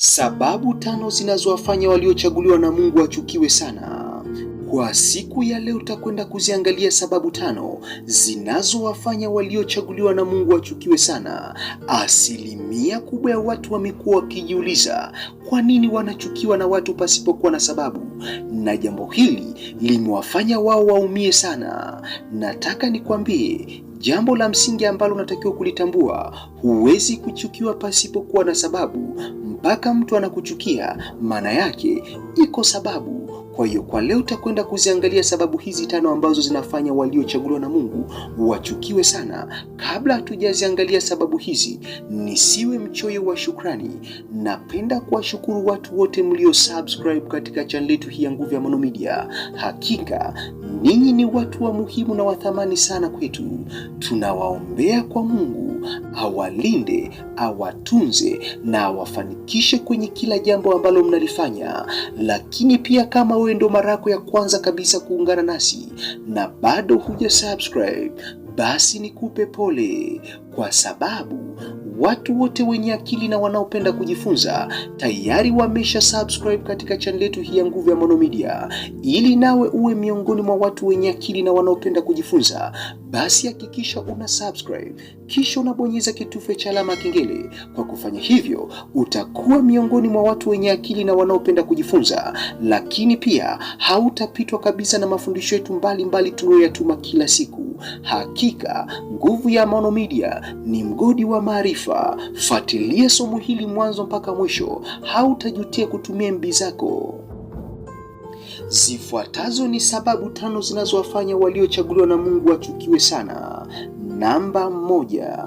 Sababu tano zinazowafanya waliochaguliwa na Mungu wachukiwe sana. Kwa siku ya leo utakwenda kuziangalia sababu tano zinazowafanya waliochaguliwa na Mungu wachukiwe sana. Asilimia kubwa ya watu wamekuwa wakijiuliza kwa nini wanachukiwa na watu pasipokuwa na sababu, na jambo hili limewafanya wao waumie sana. Nataka nikwambie jambo la msingi ambalo unatakiwa kulitambua: huwezi kuchukiwa pasipokuwa na sababu mpaka mtu anakuchukia, maana yake iko sababu. Kwa hiyo kwa leo utakwenda kuziangalia sababu hizi tano ambazo zinafanya waliochaguliwa na Mungu wachukiwe sana. Kabla hatujaziangalia sababu hizi, nisiwe mchoyo wa shukrani. Napenda kuwashukuru watu wote mlio subscribe katika channel yetu hii ya Nguvu ya Maono Media. Hakika ninyi ni watu wa muhimu na wathamani sana kwetu, tunawaombea kwa Mungu awalinde, awatunze na awafanikishe kwenye kila jambo ambalo mnalifanya. Lakini pia kama wewe ndo mara yako ya kwanza kabisa kuungana nasi na bado huja subscribe, basi nikupe pole kwa sababu Watu wote wenye akili na wanaopenda kujifunza tayari wamesha subscribe katika channel yetu hii ya Nguvu ya Maono Media. Ili nawe uwe miongoni mwa watu wenye akili na wanaopenda kujifunza, basi hakikisha una subscribe kisha unabonyeza kitufe cha alama kengele. Kwa kufanya hivyo, utakuwa miongoni mwa watu wenye akili na wanaopenda kujifunza, lakini pia hautapitwa kabisa na mafundisho yetu mbalimbali tunayoyatuma kila siku. Hakika nguvu ya Maono Media ni mgodi wa maarifa. Fuatilia somo hili mwanzo mpaka mwisho, hautajutia kutumia mbi zako. Zifuatazo ni sababu tano zinazowafanya waliochaguliwa na Mungu wachukiwe sana. Namba moja,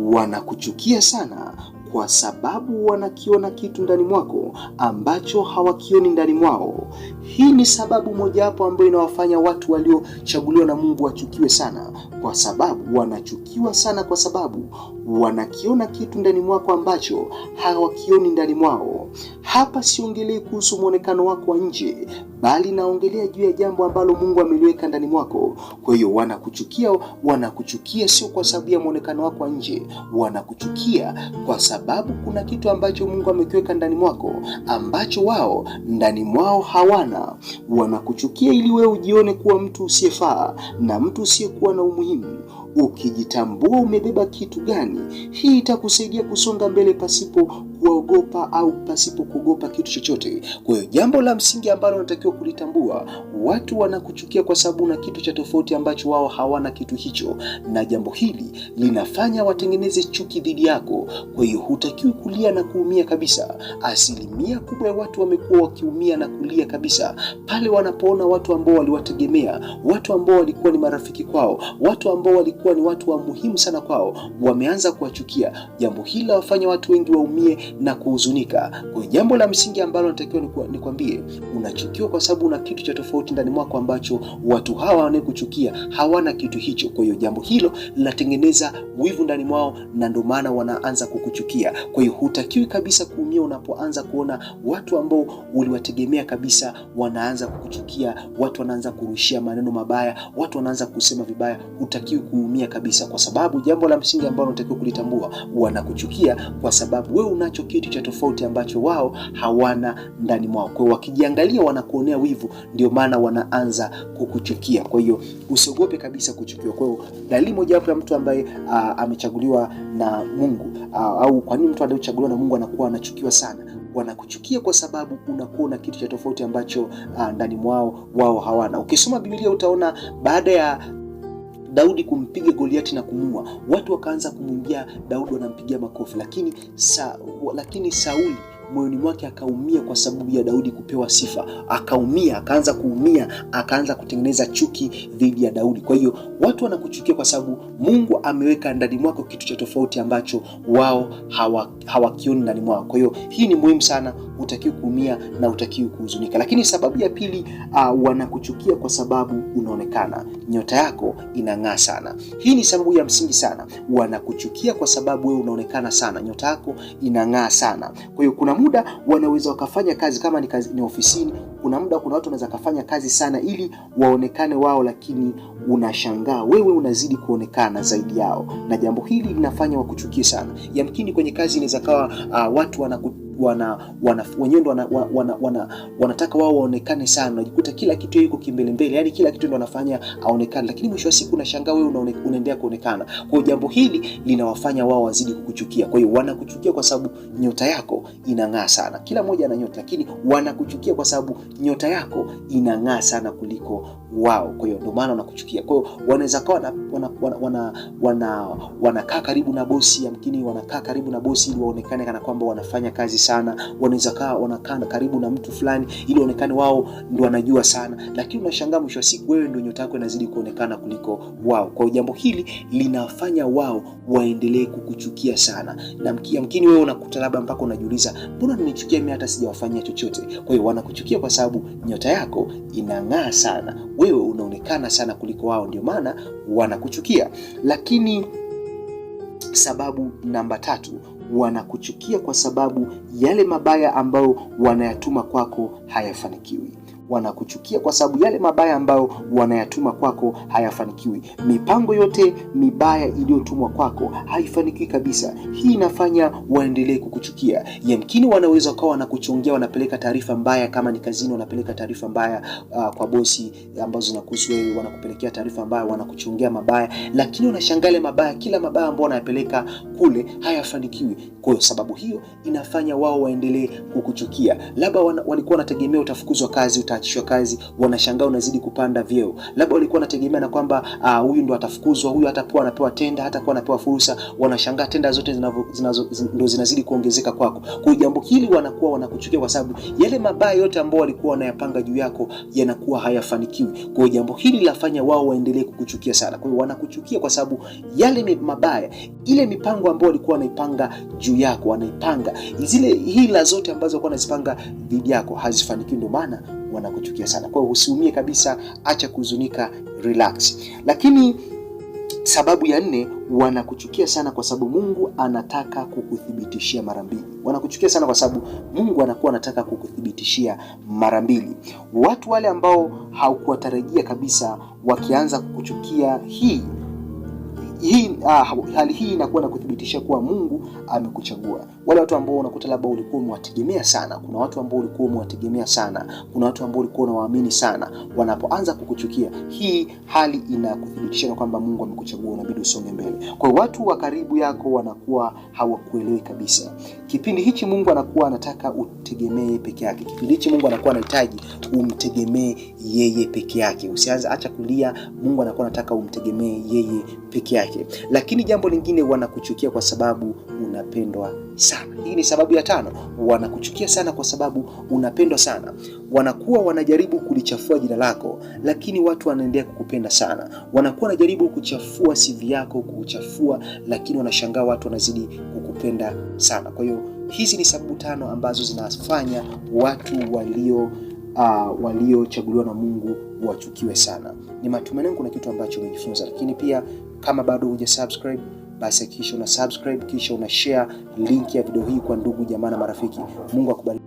wanakuchukia sana kwa sababu wanakiona kitu ndani mwako ambacho hawakioni ndani mwao. Hii ni sababu mojawapo ambayo inawafanya watu waliochaguliwa na Mungu wachukiwe sana, kwa sababu wanachukiwa sana, kwa sababu wanakiona kitu ndani mwako ambacho hawakioni ndani mwao. Hapa siongelei kuhusu mwonekano wako wa nje, bali naongelea juu ya jambo ambalo Mungu ameliweka ndani mwako. Kwa hiyo wanakuchukia, wanakuchukia sio kwa sababu ya mwonekano wako wa nje, wanakuchukia kwa sababu kuna kitu ambacho Mungu amekiweka ndani mwako ambacho wao ndani mwao hawana. Wanakuchukia ili wewe ujione kuwa mtu usiyefaa na mtu usiyekuwa na umuhimu. Ukijitambua umebeba kitu gani, hii itakusaidia kusonga mbele pasipo kuogopa au pasipo kuogopa kitu chochote. Kwa hiyo jambo la msingi ambalo unatakiwa kulitambua, watu wanakuchukia kwa sababu una kitu cha tofauti ambacho wao hawana kitu hicho, na jambo hili linafanya watengeneze chuki dhidi yako. Kwa hiyo hutakiwi kulia na kuumia kabisa. Asilimia kubwa ya watu wamekuwa wakiumia na kulia kabisa pale wanapoona watu ambao waliwategemea, watu ambao walikuwa ni marafiki kwao, watu ambao walikuwa ni watu wa muhimu sana kwao, wameanza kuwachukia. Jambo hili lawafanya watu wengi waumie na kuhuzunika. Kwa jambo la msingi ambalo natakiwa nikwambie, unachukiwa kwa sababu una kitu cha tofauti ndani mwako ambacho watu hawa wanaokuchukia hawana kitu hicho. Kwa hiyo jambo hilo linatengeneza wivu ndani mwao, na ndio maana wanaanza kukuchukia. Kwa hiyo hutakiwi kabisa kuumia unapoanza kuona watu ambao uliwategemea kabisa wanaanza kukuchukia, watu wanaanza kurushia maneno mabaya, watu wanaanza kusema vibaya. Hutakiwi kuumia kabisa, kwa sababu jambo la msingi ambalo unatakiwa kulitambua, wanakuchukia kwa sababu wewe unacho kitu cha tofauti ambacho wao hawana ndani mwao. Kwa hiyo wakijiangalia, wanakuonea wivu, ndio maana wanaanza kukuchukia. Kwa hiyo usiogope kabisa kuchukiwa. Kwa hiyo dalili mojawapo ya mtu ambaye uh, amechaguliwa na Mungu uh, au kwa nini mtu aliyechaguliwa na Mungu anakuwa anachukiwa sana wanakuchukia kwa sababu unakuwa na kitu cha tofauti ambacho ndani mwao wao hawana. Ukisoma Biblia utaona baada ya Daudi kumpiga Goliati na kumua, watu wakaanza kumwimbia Daudi, wanampigia makofi, lakini, sa, lakini Sauli moyoni mwake akaumia kwa sababu ya Daudi kupewa sifa, akaumia, akaanza kuumia, akaanza kutengeneza chuki dhidi ya Daudi. Kwa hiyo watu wanakuchukia kwa sababu Mungu ameweka ndani mwako kitu cha tofauti ambacho wao hawakioni hawa ndani mwako Kwa hiyo hii ni muhimu sana hutakiwi kuumia na hutakiwi kuhuzunika. Lakini sababu ya pili, uh, wanakuchukia kwa sababu unaonekana nyota yako inang'aa sana. Hii ni sababu ya msingi sana, wanakuchukia kwa sababu wewe unaonekana sana, nyota yako inang'aa sana. Kwa hiyo kuna muda wanaweza wakafanya kazi kama ni, kazi, ni ofisini kuna muda kuna watu wanaweza kafanya kazi sana ili waonekane wao, lakini unashangaa wewe unazidi kuonekana zaidi yao, na jambo hili linafanya wakuchukie sana. Yamkini kwenye kazi inaweza kawa uh, watu wanaku wana, wana, wenyewe ndo wana, wana, wanataka wao waonekane sana. Unajikuta kila kitu yuko kimbele mbele, yani kila kitu ndo anafanya aonekane, lakini mwisho wa siku unashangaa wewe unaendelea kuonekana. Kwa hiyo jambo hili linawafanya wao wazidi kukuchukia. Kwa hiyo wanakuchukia kwa sababu nyota yako inang'aa sana. Kila mmoja ana nyota, lakini wanakuchukia kwa sababu nyota yako inang'aa sana kuliko wao. Kwa hiyo ndio maana wanakuchukia. Kwa hiyo wanaweza kawa wana, wana, wana, wana, wanakaa karibu na bosi, yamkini wanakaa karibu na bosi ili waonekane kana kwamba wanafanya kazi sana sana, wanaweza kaa wanakaa karibu na mtu fulani ili waonekane wao ndo wanajua sana, lakini unashangaa mwisho wa siku wewe ndo nyota yako inazidi kuonekana kuliko wao. Kwa jambo hili linafanya wao waendelee kukuchukia sana, na mkini wewe unakuta labda mpaka unajiuliza mbona nimechukia mimi hata sijawafanyia chochote? Kwa hiyo wanakuchukia kwa sababu nyota yako inang'aa sana, wewe unaonekana sana kuliko wao, ndio maana wanakuchukia. Lakini sababu namba tatu wanakuchukia kwa sababu yale mabaya ambayo wanayatuma kwako hayafanikiwi wanakuchukia kwa sababu yale mabaya ambayo wanayatuma kwako hayafanikiwi. Mipango yote mibaya iliyotumwa kwako haifanikiwi kabisa. Hii inafanya waendelee kukuchukia. Yamkini wanaweza kuwa wanakuchongea, wanapeleka taarifa mbaya, kama ni kazini wanapeleka taarifa mbaya uh, kwa bosi ambazo zinakuhusu wewe, wanakupelekea taarifa mbaya, wanakuchongea mabaya, lakini unashangaa mabaya, kila mabaya ambayo wanayapeleka kule hayafanikiwi. Kwa sababu hiyo inafanya wao waendelee kukuchukia. Labda walikuwa wanategemea utafukuzwa kazi uta wanaachishwa kazi, wanashangaa unazidi kupanda vyeo. Labda walikuwa wanategemea na kwamba ah, huyu ndo atafukuzwa, huyu hatakuwa anapewa tenda, hatakuwa anapewa fursa. Wanashangaa tenda zote zinazo, zinazo, ndo zinazidi kuongezeka kwako. Kwa jambo hili wanakuwa wanakuchukia, kwa sababu yale mabaya yote ambao walikuwa wanayapanga juu yako yanakuwa hayafanikiwi. Kwa jambo hili lafanya wao waendelee kukuchukia sana. Kwa hiyo wanakuchukia kwa sababu yale mabaya, ile mipango ambayo walikuwa wanaipanga juu yako, wanaipanga zile hila zote ambazo walikuwa wanazipanga dhidi yako hazifanikiwi, ndio maana wanakuchukia sana. Kwa hiyo usiumie kabisa, acha kuhuzunika, relax. Lakini sababu ya nne, wanakuchukia sana kwa sababu Mungu anataka kukuthibitishia mara mbili. Wanakuchukia sana kwa sababu Mungu anakuwa anataka kukuthibitishia mara mbili. Watu wale ambao haukuwatarajia kabisa, wakianza kukuchukia hii hii ah, hali hii inakuwa na kuthibitisha kuwa Mungu amekuchagua. Wale watu ambao unakuta labda ulikuwa umewategemea sana, kuna watu ambao ulikuwa umewategemea sana, kuna watu ambao ulikuwa unawaamini sana, wanapoanza kukuchukia, hii hali inakuthibitisha kwamba Mungu amekuchagua, unabidi usonge mbele. Kwa hiyo watu wa karibu yako wanakuwa hawakuelewi kabisa. Kipindi hichi Mungu anakuwa anataka utegemee peke yake. Kipindi hichi Mungu anakuwa anahitaji umtegemee yeye peke yake. Usianze, acha kulia. Mungu anakuwa anataka umtegemee yeye peke yake. Lakini jambo lingine, wanakuchukia kwa sababu unapendwa sana. Hii ni sababu ya tano, wanakuchukia sana kwa sababu unapendwa sana. Wanakuwa wanajaribu kulichafua jina lako, lakini watu wanaendelea kukupenda sana. Wanakuwa wanajaribu kuchafua CV yako, kuchafua, lakini wanashangaa watu wanazidi kukupenda sana. Kwa hiyo hizi ni sababu tano ambazo zinafanya watu walio uh, waliochaguliwa na Mungu wachukiwe sana. Ni matumaini yangu kuna kitu ambacho umejifunza, lakini pia kama bado huja subscribe basi hakikisha una subscribe kisha una share link ya video hii kwa ndugu jamaa na marafiki. Mungu akubariki.